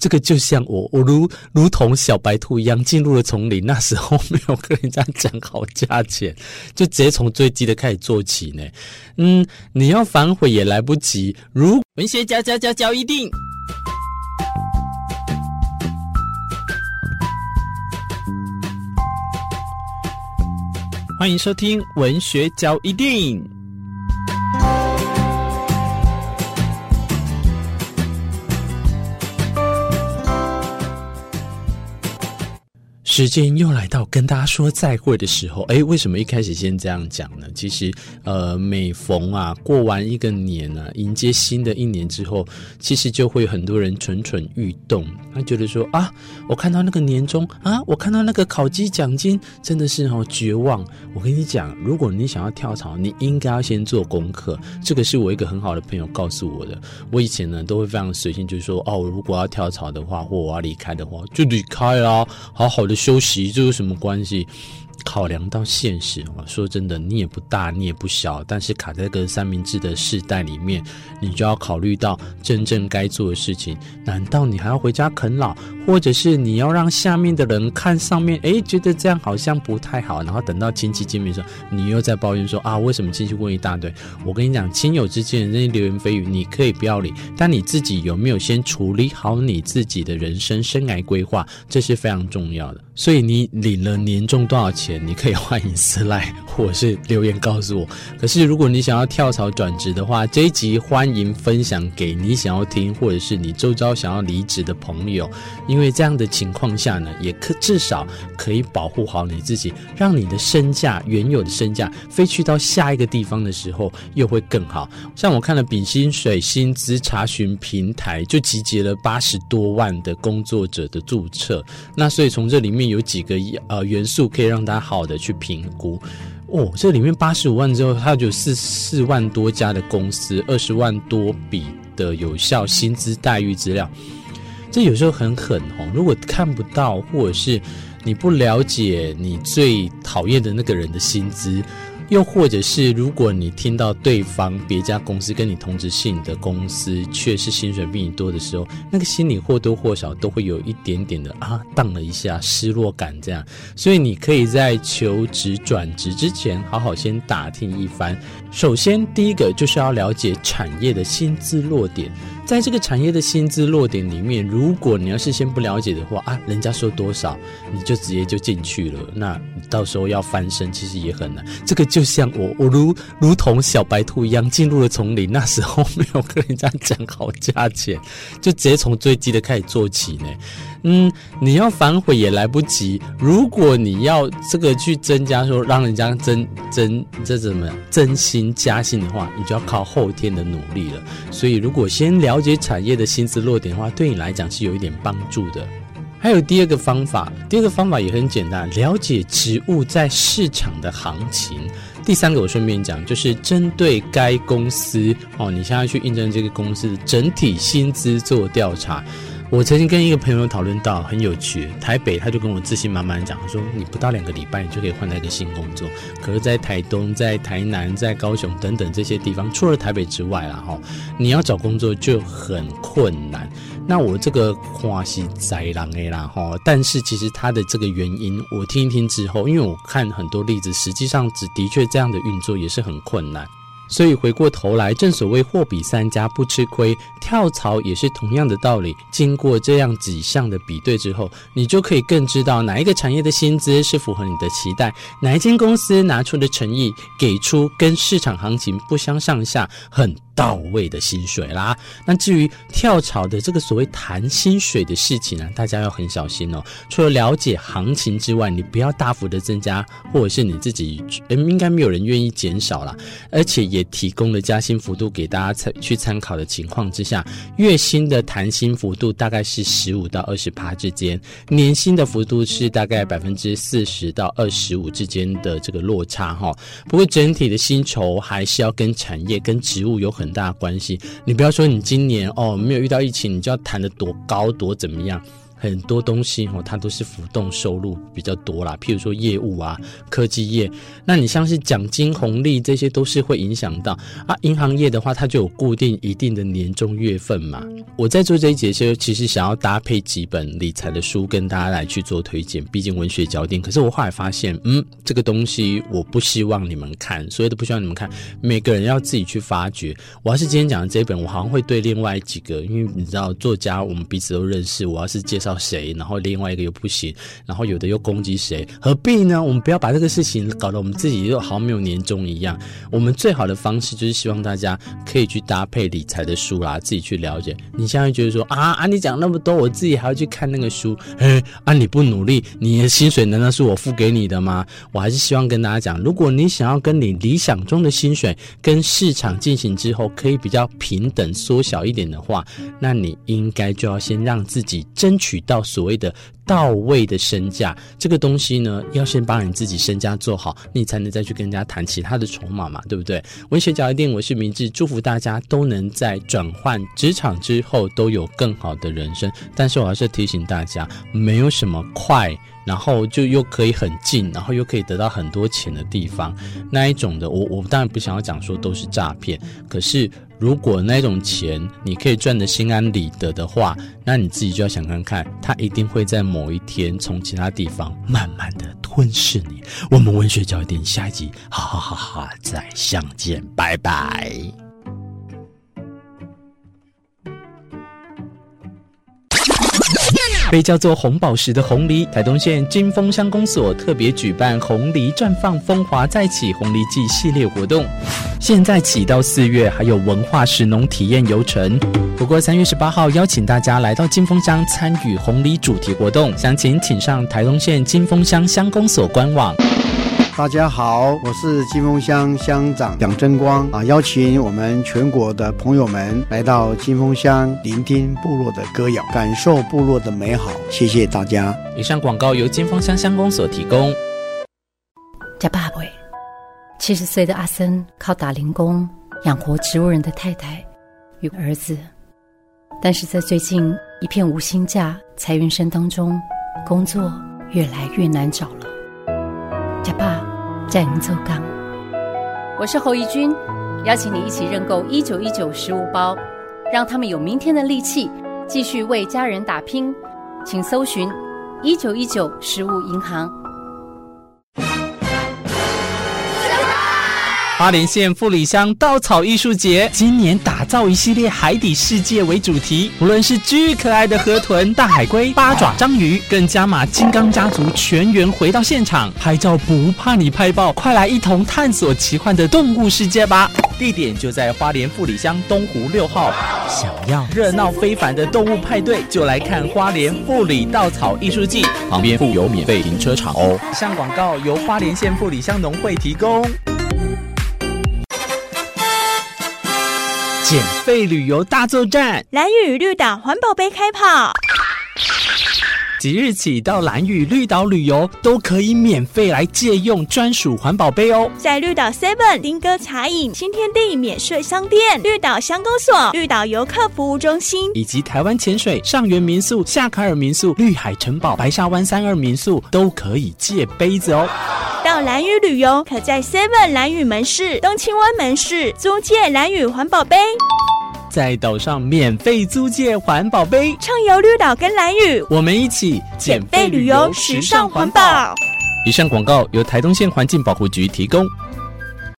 這個就像我，我如如同小白兔一樣進入了叢林，那時候沒有跟人家講好價錢，就直接從最低的開始做起呢。嗯，你要反悔也來不及。如文嚼，嚼嚼嚼，一定歡迎收聽《文嚼一定》。時間又來到跟大家說再會的時候，哎，為什麼一開始先這樣講呢？其實，呃，每逢啊過完一個年啊，迎接新的一年之後，其實就會很多人蠢蠢欲動，他覺得說啊，我看到那個年終啊，我看到那個考績獎金，真的是哦，絕望。我跟你講，如果你想要跳槽，你應該要先做功課。這個是我一個很好的朋友告訴我的。我以前呢，都會非常隨性，就是說哦，我如果要跳槽的話，或我要離開的話，就離開啊，好好的。休息，這有什麼關係？考量到現實，說真的，你也不大，你也不小，但是卡在個三明治的世代裡面，你就要考慮到真正該做的事情。難道你還要回家啃老，或者是你要讓下面的人看上面，哎、欸，覺得這樣好像不太好？然後等到親戚見面的時候，你又在抱怨說啊，為什麼親戚問一大堆？我跟你講，親友之間的那些流言蜚語，你可以不要理，但你自己有沒有先處理好你自己的人生生涯規劃，這是非常重要的。所以你領了年終多少錢？你可以歡迎私賴，或是留言告訴我。可是如果你想要跳槽轉職的話，這一集歡迎分享給你想要聽，或者是你周遭想要離職的朋友。因為這樣的情況下呢，也可至少可以保護好你自己，讓你的身價原有的身價飛去到下一個地方的時候，又會更好。像我看了比薪水薪資查詢平台，就集結了八十多萬的工作者的註冊。那所以從這裡面有幾個呃元素，可以讓大家。好的去，去評估哦。這裡面八十五萬之後，它有四四萬多家的公司，二十萬多筆的有效薪資待遇資料。這有時候很狠哦。如果看不到，或者是你不了解你最討厭的那個人的薪資。又或者是，如果你聽到對方別家公司跟你同職系你的公司卻是薪水比你多的時候，那個心裡或多或少都會有一點點的啊，盪了一下失落感這樣。所以你可以在求職轉職之前，好好先打聽一番。首先第一個就是要了解產業的薪資落點。在這個產業的薪資落點裡面，如果你要是先不了解的話啊，人家說多少，你就直接就進去了。那到時候要翻身，其實也很難。這個就像我，我如如同小白兔一樣進入了叢林，那時候沒有跟人家講好價錢，就直接從最低的開始做起呢。嗯，你要反悔也來不及。如果你要這個去增加說，說讓人家增增這怎麼增薪加薪的話，你就要靠後天的努力了。所以，如果先了解產業的薪資落點的話，對你來講是有一點幫助的。還有第二個方法，第二個方法也很簡單，了解職務在市場的行情。第三個，我順便講，就是針對該公司哦，你現在去應徵這個公司的整體薪資做調查。我曾經跟一個朋友討論到很有趣，台北他就跟我自信滿滿講，他說你不到兩個禮拜你就可以換到一個新工作，可是，在台東、在台南、在高雄等等這些地方，除了台北之外啦，哈，你要找工作就很困難。那我這個話是宅狼誒啦，哈，但是其實他的這個原因，我聽一聽之後，因為我看很多例子，實際上，只的確這樣的運作也是很困難。所以回過頭來，正所謂貨比三家不吃虧，跳槽也是同樣的道理。經過這樣幾項的比對之後，你就可以更知道哪一個產業的薪資是符合你的期待，哪一間公司拿出的誠意，給出跟市場行情不相上下，很。到位的薪水啦。那至於跳槽的這個所謂談薪水的事情呢、啊，大家要很小心哦。除了了解行情之外，你不要大幅的增加，或者是你自己，嗯、呃，應該沒有人願意減少啦。而且也提供了加薪幅度給大家參去參考的情況之下，月薪的談薪幅度大概是十五到二十趴之間，年薪的幅度是大概百分之四十到二十五之間的這個落差哈、哦。不過整體的薪酬還是要跟產業跟職務有很。大關係，你不要說你今年哦，沒有遇到疫情，你就要談得多高多怎麼樣。很多東西哦，它都是浮動收入比較多啦，譬如說業務啊、科技業，那你像是獎金、紅利這些，都是會影響到啊。銀行業的話，它就有固定一定的年終月份嘛。我在做這一節的時候，其實想要搭配幾本理財的書跟大家來去做推薦，畢竟文學焦點。可是我後來發現，嗯，這個東西我不希望你們看，所以都不希望你們看。每個人要自己去發掘。我要是今天講的這一本，我好像會對另外幾個，因為你知道作家，我們彼此都認識。我要是介紹。到誰，然後另外一個又不行，然後有的又攻擊誰，何必呢？我們不要把這個事情搞得我們自己又好像沒有年終一樣。我們最好的方式就是希望大家可以去搭配理財的書啦，自己去了解。你現在覺得說啊啊，你講那麼多，我自己還要去看那個書，嘿，啊你不努力，你的薪水難道是我付給你的嗎？我還是希望跟大家講，如果你想要跟你理想中的薪水跟市場進行之後可以比較平等縮小一點的話，那你應該就要先讓自己爭取，到所謂的到位的身價，這個東西呢，要先把你自己身家做好，你才能再去跟人家談其他的籌碼嘛，對不對？文嚼字一點，我是明智，祝福大家都能在轉換職場之後都有更好的人生。但是我還是提醒大家，沒有什麼快，然後就又可以很近，然後又可以得到很多錢的地方，那一種的。我我當然不想要講說都是詐騙，可是。如果那種錢你可以賺得心安理得的話，那你自己就要想看看，它，一定會在某一天從其他地方慢慢的吞噬你。我們文學焦點下一集，好好好好，再相見，拜拜。被叫做紅寶石的紅藜，台東縣金峰鄉公所特別舉辦紅藜綻放，風華再起紅藜季系列活動。現在起到四月，還有文化食農體驗遊程。不過三月十八號邀請大家來到金峰鄉參與紅藜主題活動，詳情請，請上台東縣金峰鄉鄉公所官網。大家好，我是金峰鄉鄉長蔣爭光啊，邀請我們全國的朋友們來到金峰鄉，聆聽部落的歌謠，感受部落的美好。謝謝大家。以上廣告由金峰鄉鄉公所提供。加爸，喂，七十歲的阿森靠打零工養活植物人的太太與兒子，但是在最近一片無薪假、裁員聲當中，工作越來越難找了。加爸。在您做剛，我是侯怡君，邀請你一起認購一九一九食物包，讓他們有明天的力氣，繼續為家人打拼，請搜尋一九一九食物銀行。花蓮縣富里鄉稻草藝術節今年打造一系列海底世界為主題，不論是巨可愛的河豚、大海龜、八爪章魚，更加碼金剛家族全員回到現場，拍照不怕你拍爆，快來一同探索奇幻的動物世界吧！地點就在花蓮富里鄉東湖六號。想要熱鬧非凡的動物派對，就來看花蓮富里稻草藝術季，旁邊附有免費停車場哦。以上廣告由花蓮縣富里鄉農會提供。減廢旅遊大作戰，蘭嶼與綠島環保杯開跑。即日起到蘭嶼綠島旅遊，都可以免費來借用專屬環保杯哦。在綠島 Seven、丁哥茶飲、新天地免稅商店、綠島鄉公所、綠島遊客服務中心，以及台灣潛水、上元民宿、夏卡爾民宿、綠海城堡、白沙灣三二民宿，都可以借杯子哦。到蘭嶼旅遊，可在 Seven 蘭嶼門市、東清灣門市租借蘭嶼環保杯。在島上免費租借環保杯，暢遊綠島跟蘭嶼，我們一起減廢旅遊，時尚環保。以上廣告由台東縣環境保護局提供。